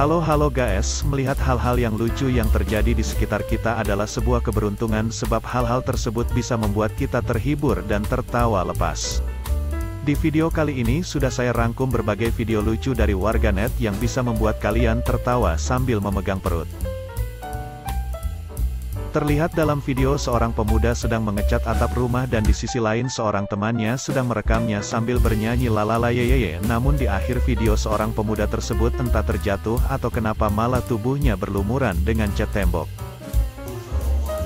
Halo-halo guys, melihat hal-hal yang lucu yang terjadi di sekitar kita adalah sebuah keberuntungan sebab hal-hal tersebut bisa membuat kita terhibur dan tertawa lepas. Di video kali ini sudah saya rangkum berbagai video lucu dari warganet yang bisa membuat kalian tertawa sambil memegang perut. Terlihat dalam video seorang pemuda sedang mengecat atap rumah dan di sisi lain seorang temannya sedang merekamnya sambil bernyanyi lalala yeyeye namun di akhir video seorang pemuda tersebut entah terjatuh atau kenapa malah tubuhnya berlumuran dengan cat tembok.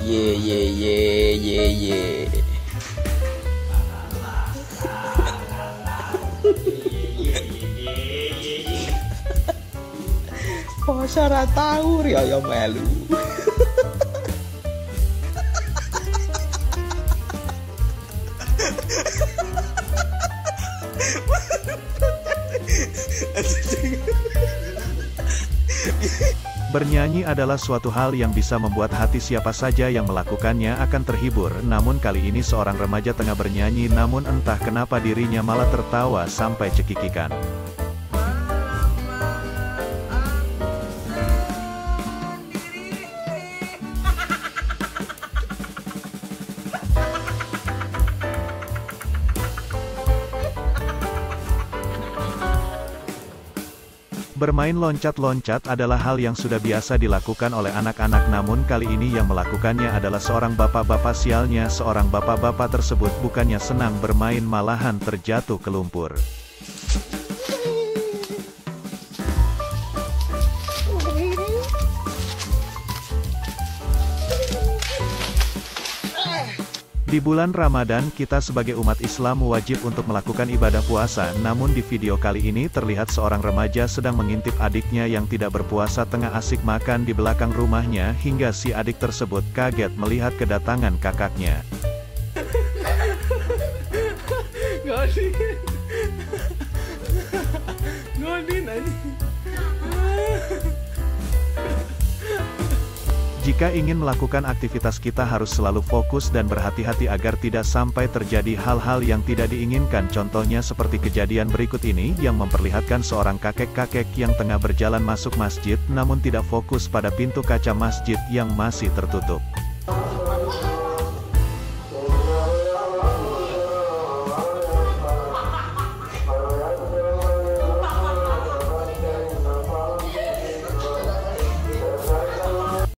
Ye yeah, ye yeah, yeah, Masa tahu, Rio ya melu. Bernyanyi adalah suatu hal yang bisa membuat hati siapa saja yang melakukannya akan terhibur. Namun kali ini seorang remaja tengah bernyanyi namun entah kenapa dirinya malah tertawa sampai cekikikan. Bermain loncat-loncat adalah hal yang sudah biasa dilakukan oleh anak-anak namun kali ini yang melakukannya adalah seorang bapak-bapak sialnya seorang bapak-bapak tersebut bukannya senang bermain malahan terjatuh ke lumpur. Di bulan Ramadan kita sebagai umat Islam wajib untuk melakukan ibadah puasa namun di video kali ini terlihat seorang remaja sedang mengintip adiknya yang tidak berpuasa tengah asik makan di belakang rumahnya hingga si adik tersebut kaget melihat kedatangan kakaknya. Jika ingin melakukan aktivitas kita harus selalu fokus dan berhati-hati agar tidak sampai terjadi hal-hal yang tidak diinginkan contohnya seperti kejadian berikut ini yang memperlihatkan seorang kakek-kakek yang tengah berjalan masuk masjid namun tidak fokus pada pintu kaca masjid yang masih tertutup.